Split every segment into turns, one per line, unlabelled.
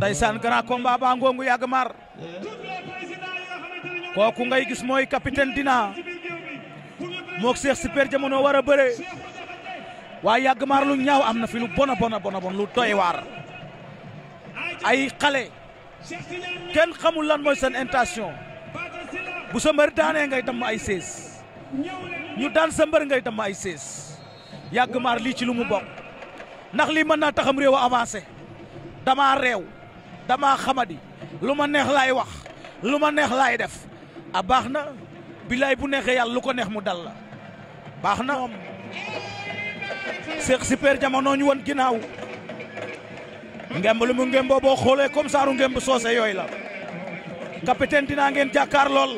ndaysaan grand combat ba ngongu yàgg maar kooku ngay gis mooy capitaine dina mook Cheikh Super Diamono war a bëre waaye yàgg maar lu ñaaw am na fi lu bona bona bona bon lu doy waar ay xale kenn xamul lan mooy seen intention bu sa mbër daanee ngay damm ay sees ñu daan sa mbër ngay damm ay sees yàgg maar lii ci lu mu bokk ndax lii mën naa taxam réew a avancé dama réew damaa xamadi lu ma neex laay wax lu ma neex laay def a baax na bilaay bu neexee yàlla lu ko neex mu dal la baax na Cheikh Super Diamono ñu won ginnaaw ngemb lu mu ngemboo boo xoolee comme saaru ngemb soose yooyu la capitaine dinaa ngeen jàkkaar lool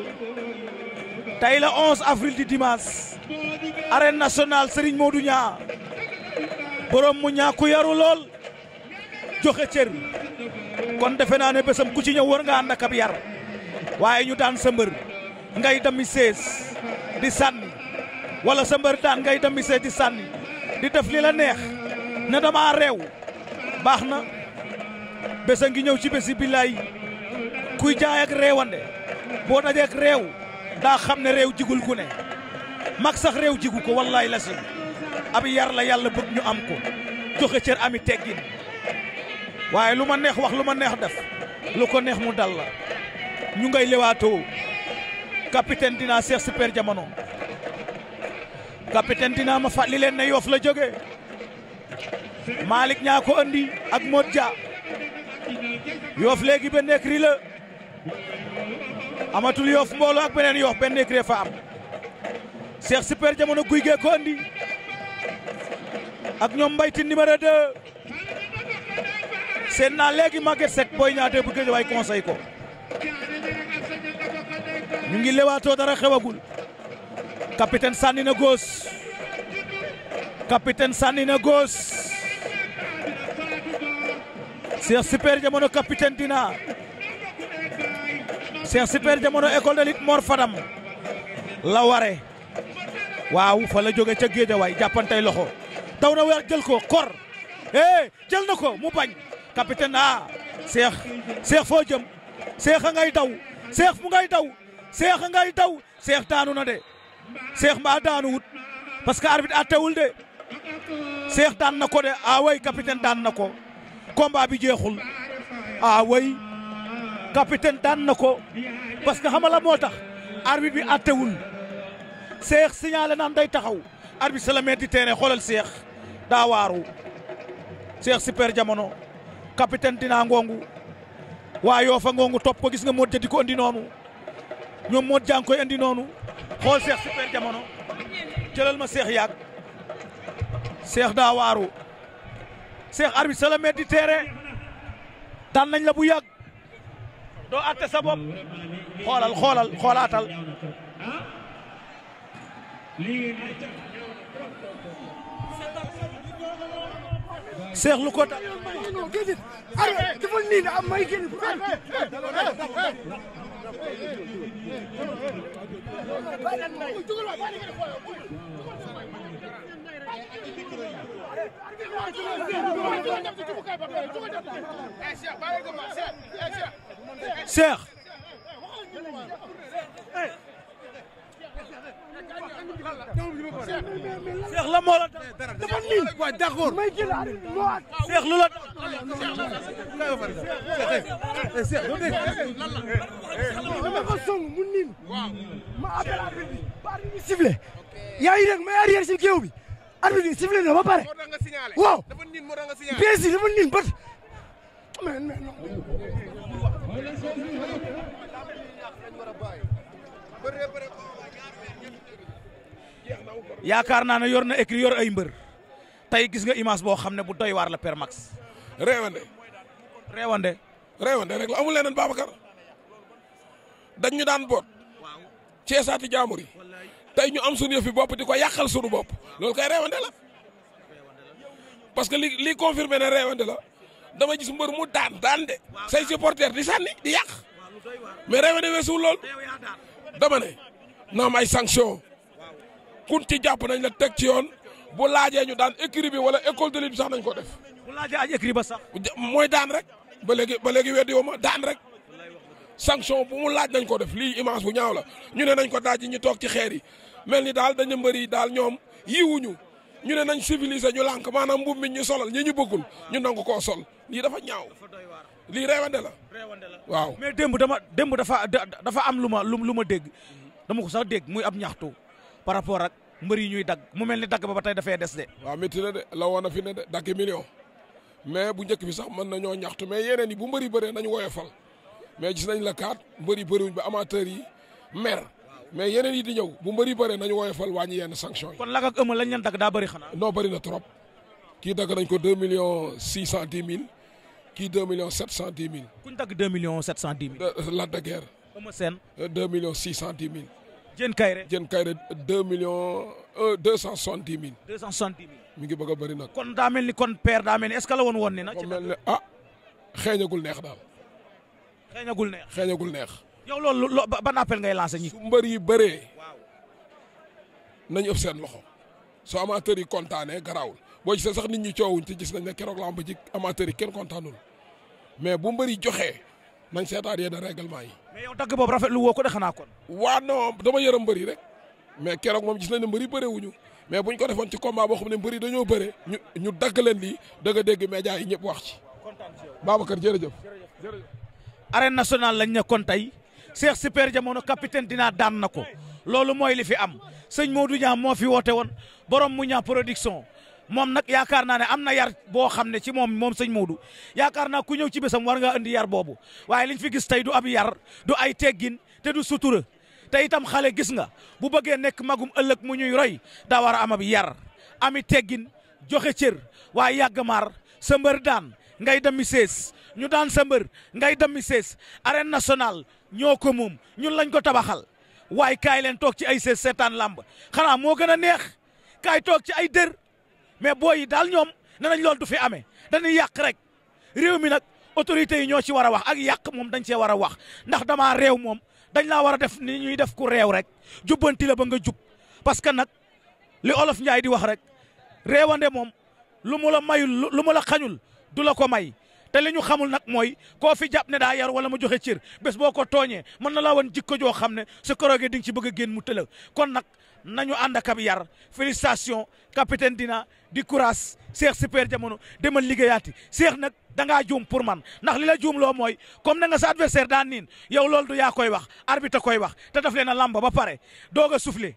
tey la 11 avril di dimanche arène nationale Serigne Modou Niang borom mu ñaa ku yaru lool joxe cër bi kon defe naa ne bésam ku ci ñëw war nga ànd ak ab yar waaye ñu daan sa mbër ngay dami sees di sànni wala sa mbër daan ngay dami sees di sànni di def li la neex ne dama réew baax na bésa ngi ñëw ci bési billaay kuy jaay ak réewande boo dajee ak réew daa xam ne réew jigul ku ne mag sax réew jigu ko wallaay la si ab yar la yàlla bëgg ñu am ko joxe cër ami teggin waaye lu ma neex wax lu ma neex def lu ko neex mu dal la ñu ngay lewaatoo capitaine dinaa Cheikh Super Diamono capitaine dinaa ma fàttali leen ne Yoff la jóge Malick ñaa ko andi ak Mod Dia Yoff léegi benn écurie la amatul Yoff mbooloo ak beneen Yoff benn écurie fa am Cheikh Super Diamono guy gee ko andi ak ñoom mbayti numéro 2 seen naa léegi Maguette Seck Boy Niang 2 bu Guédiawaye conseil ko ñu ngi lewaatoo dara xewagul capitaine sànni na góos capitaine sànni na góos Cheikh Super jamono capitaine dina Cheikh Super jamono école de lutte Mor la ware waaw fa la jóge ca Guédiawaye jàppantey loxo taw na weer jël ko kor eh jël na ko mu bañ capitaine ah seex seex foo jëm seex a ngay daw seex mu ngay daw seex a ngay daw seex daanu na de seex mbaa daanu parce que arbitre attewul de seex daan na ko de ah way capitaine daan na ko combat bi jeexul ah way na ko parce que xamala moo tax arbitre bi attewul seex signalé naan day taxaw arbitre se la met di terrain xoolal seex daa waaru seex super jamono capitaine dina ngongu waa yoofa ngongu topp ko gis nga Modou Dia di ko andi noonu ñoom Modou koy andi noonu xool Cheikh super jamono jëlal ma Cheikh yàgg Cheikh daa waaru Cheikh arbitre sa di teere daan nañ la bu yàgg doo àtte sa bopp
xoolal xoolal xoolaatal
Cheikh lu ko dal dafa niin am may génn
Cheikh Cheikh
la moo la dara dafa nii waaw d'accord may jël Cheikh lu la Cheikh Cheikh do dégg dafa
song mu niin ma appel arbitre bi ba arbitre bi sifflé yaa ngi dégg may arrière si géew bi arbitre bi sifflé na ba pare waaw
bien sûr dafa niin bat
mais mais non bëre bëre
yaakaar naa ne yor na écrit yor ay mbër tey gis nga image boo xam ne bu doy
waar la Père Max. réewande. réewande. rek la amul leneen Babacar dañ ñu daan boot. waaw ceesaati jaamur yi. tey ñu am suñu yëfi bopp di ko yàqal suñu bopp loolu kay réewande la parce que li li confirmé ne réewande la dama gis mbër mu daan daan de say supporter di sànni di yàq mais réewande weesuwul lool dama ne na ay sanction kun ci jàpp nañ la teg ci yoon bu laajee ñu daan écrit bi wala école de lutte sax nañ ko def. bu laajee ay écrit ba sax. mooy daan rek ba léegi ba léegi weddi woo ma daan rek sanction bu mu laaj nañ ko def lii image bu ñaaw la ñu ne nañ ko daaj ñu toog ci xeer yi mel ni daal dañu mbëri daal ñoom yiwuñu ñu ne nañ civilisé ñu lank maanaam mbubb mi ñu solal ñu ñu bëggul ñu nangu koo sol lii dafa ñaaw lii reewande la waaw
mais démb dama démb dafa dafa am lu ma lu ma dégg dama ko sax dégg muy ab ñaxtu
par rapport ak mbër yi ñuy dagg mu mel ni dagg ba ba tey dafay des de. waaw métti na de la woon a fi ne de dagg million mais bu njëkk bi sax mën nañoo ñaxtu mais yeneen yi bu mbëri bëree nañu woyofal mais gis nañ la kaat mbëri bëriwuñ ba amateur yi mer mais yeneen yi di ñëw bu mbëri bëree nañu woyofal wàññi yenn sanction yi. kon lak ak ëmb lañ leen dagg daa bëri xanaa. non bëri na trop kii dagg nañ ko deux millions six cent dix mille kii deux millions sept cent dix cent dix mille. Euh, la de guerre. Diène Kairé Diène Kairé deux million euh, deux cent soixante dix mille. deux cent soixante dix mi ngi bëgg a bëri nag. kon daa mel ni kon père
daa mel ni est ce que la woon woon ni nag. ci mel ni ah xeeñagul neex daal. xeeñagul neex
xeeñagul neex. yow loolu loo ban appel ngay lancé ñi. su mbër yi bëree. waaw nañ ëpp seen loxo. su amateurs yi kontaanee garaawul boo gisee sax nit ñi coowuñ te gis nañ ne keroog lamb ji amateurs yi kenn kontaanul mais bu mbër yi joxee. nañ seetaat yenn règlement yi. mais yow dagg boobu rafetlu woo ko de xanaa kon. waa non dama yërëm mbëri rek mais keroog moom gis nañ ne mbëri bëre wuñu mais buñ ko defoon ci combat boo xam ne mbëri dañoo bëre ñu dagg leen lii da dégg média yi ñëpp wax ci. kontaan ci yow Babacar jërëjëf. jërëjëf arène nationale
lañ nekkoon tey Cheikh Super Diamono capitaine dinaa daan na ko loolu mooy li fi am sëñ Modou Niang moo fi woote woon borom mu ñaa production moom nag yaakaar naa ne am na yar boo xam ne ci moom moom sëñ Modou yaakaar naa ku ñëw ci bésam war nga andi yar boobu waaye liñ fi gis tey du ab yar du ay teggin te du sutura tey itam xale gis nga bu bëggee nekk magum ëllëg mu ñuy roy daa war a am ab yar ami teggin joxe cër waaye yàgg maar sa mbër daan ngay dami sees ñu daan sa mbër ngay dami sees arène nationale ñoo ko moom ñun lañ ko tabaxal waaye kaay leen toog ci ay sees seetaan làmb xanaa moo gën a neex kaay toog ci ay dër mais booy yi daal ñoom nanañ nañ loolu du fi amee dañuy yàq rek réew mi nag autorités yi ñoo ci war a wax ak yàq moom dañ cee war a wax ndax damaa réew moom dañ laa war a def ni ñuy def ku réew rek jubbanti la ba nga jub parce que nag li olof Njaay di wax rek réewande moom lu mu la mayul lu mu la xañul du la ko may te li ñu xamul nag mooy koo fi jàpp ne daa yar wala mu joxe cër bés boo ko tooñee mën na laa wan jikko joo xam ne su koroogee di nga ci bëgg a génn mu tëla kon nag nañu ànd ak ab yar félicitation capitaine dina di courage Cheikh super jamono demal liggéeyaati Cheikh nag da ngaa juum pour man ndax li la juum loo mooy comme na nga sa adversaire daa niin yow loolu du yaa koy wax arbitre koy wax te daf leen a làmb ba pare doog a soufflé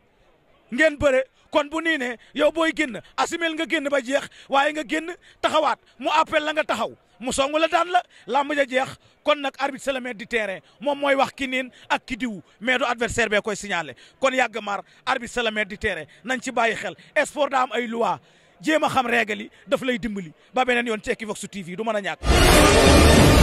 ngeen bëre kon bu nii ne yow booy génn asimel nga génn ba jeex waaye nga génn taxawaat mu appel la nga taxaw mu song la daan la làmb ja jeex kon nag arbitre c'est le maître du wax ki niin ak ki diw mais du adversaire bee koy signalé kon yàgg mar arbitre c'est le maître du nañ ci bàyyi xel sport daa am ay loi jéem a xam règle yi daf lay dimbali ba beneen yoon ci Equivox TV du mën a ñàkk